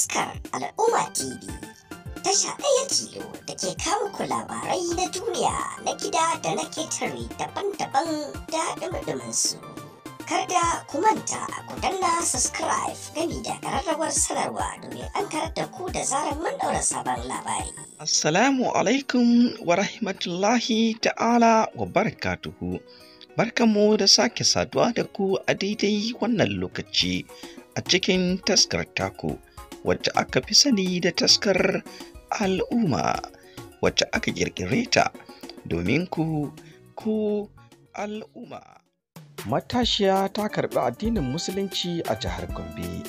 taskar al'umma tv tasha ɗaya tilo da ke kawo ku labarai na duniya na gida da na ketare daban-daban da ɗumɗumin su kada ku manta ku danna subscribe gami da ƙararrawar sanarwa domin an karar da ku da zarar mun ɗaura sabon labari assalamu alaikum wa rahmatullahi ta'ala wa barakatuhu barkanmu da sake saduwa da ku a daidai wannan lokaci a cikin taskar taku wacce aka fi sani da taskar al'umma wacce aka ƙirƙire ta domin ku ku al'umma. Matashiya ta karɓi addinin Musulunci a jihar Gombe.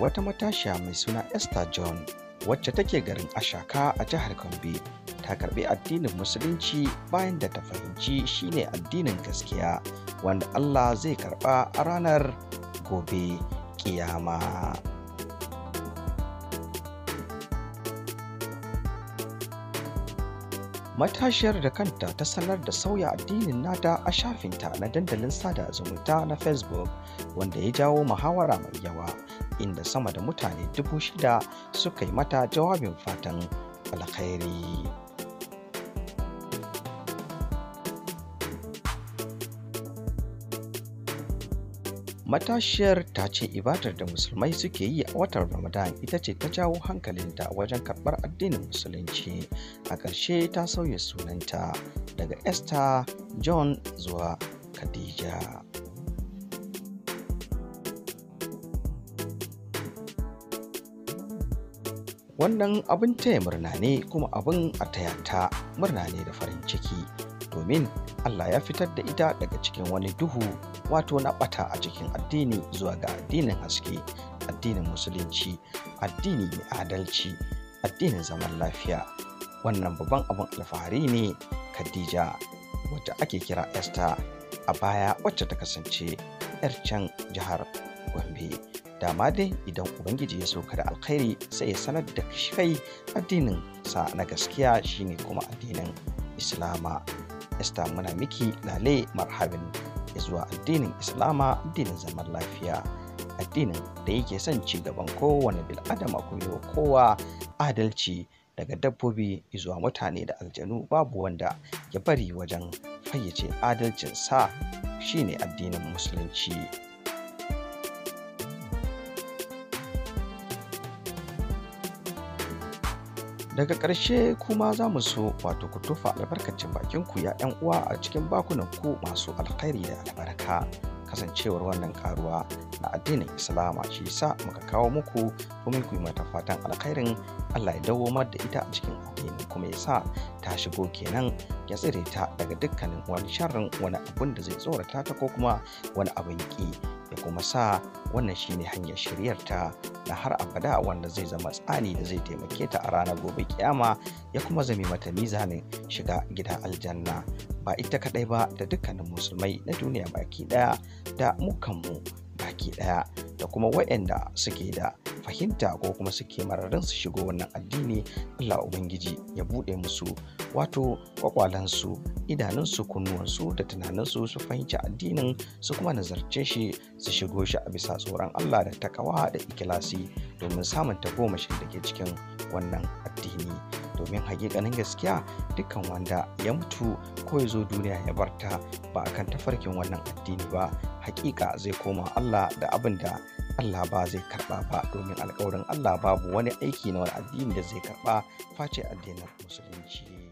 Wata matashiya mai suna Esther John wacce take garin Ashaka a jihar Gombe ta karɓi addinin Musulunci bayan da ta fahimci shine addinin gaskiya wanda Allah zai karɓa a ranar gobe kiyama. matashiyar da kanta ta sanar da sauya addinin nata a shafinta na dandalin sada zumunta na facebook wanda ya jawo muhawara mai yawa inda sama da mutane dubu shida suka yi mata jawabin fatan alkhairi. matashiyar ta ce ibadar da musulmai suke yi a watan ramadan ita ce ta jawo hankalinta wajen karɓar addinin musulunci a ƙarshe ta sauya sunanta daga esther john zuwa khadija wannan abin taya murna ne kuma abin a taya ta murna ne da farin ciki domin Allah ya fitar da ita daga cikin wani duhu wato na ɓata a cikin addini zuwa ga addinin haske addinin musulunci addini mai adalci addinin zaman lafiya wannan babban abin alfahari ne khadija wacce ake kira esther a baya wacce ta kasance 'yar can jihar gombe dama dai idan ubangiji ya sauka da alkhairi sai ya sanar da kai addinin sa na gaskiya shine kuma addinin islama esta muna miki lale marhabin zuwa addinin islama addinin zaman lafiya addinin da yake son ci gaban kowane bil'adama kuma kowa adalci daga dabbobi zuwa mutane da aljanu babu wanda ya bari wajen fayyace adalcin sa shine addinin musulunci daga ƙarshe kuma za mu so wato ku tufa albarkacin bakin ku ya yan uwa a cikin bakunan ku masu alkhairi da albarka kasancewar wannan karuwa na addinin islama shi sa muka kawo muku domin ku yi mata fatan alkhairin allah ya dawo da ita a cikin addini kuma ya sa ta shigo kenan ya tsire ta daga dukkanin wani sharrin wani abun da zai tsorata ta ko kuma wani abin ki da kuma sa wannan shine hanyar shiryarta na har abada wanda zai zama tsani da zai taimake ta a ranar gobe kiyama ya kuma zame mata mizanin shiga gida aljanna ba ita kadai ba da dukkanin musulmai na duniya baki daya da mukanmu baki daya da kuma waɗanda suke da fahimta ko kuma suke mararin su shigo wannan addini Allah Ubangiji ya buɗe musu wato kwakwalansu idanunsu kunnuwansu da tunaninsu su fahimci addinin su kuma nazarce shi su shigo shi a bisa tsoron Allah da takawa da ikilasi domin samun tagomashin da ke cikin wannan addini domin hakikanin gaskiya dukkan wanda ya mutu ko ya zo duniya ya barta ba a kan tafarkin wannan addini ba hakika zai koma Allah da abin da Allah ba zai karba ba domin alkawarin Allah babu wani aiki na wani addini da zai karba face addinin musulunci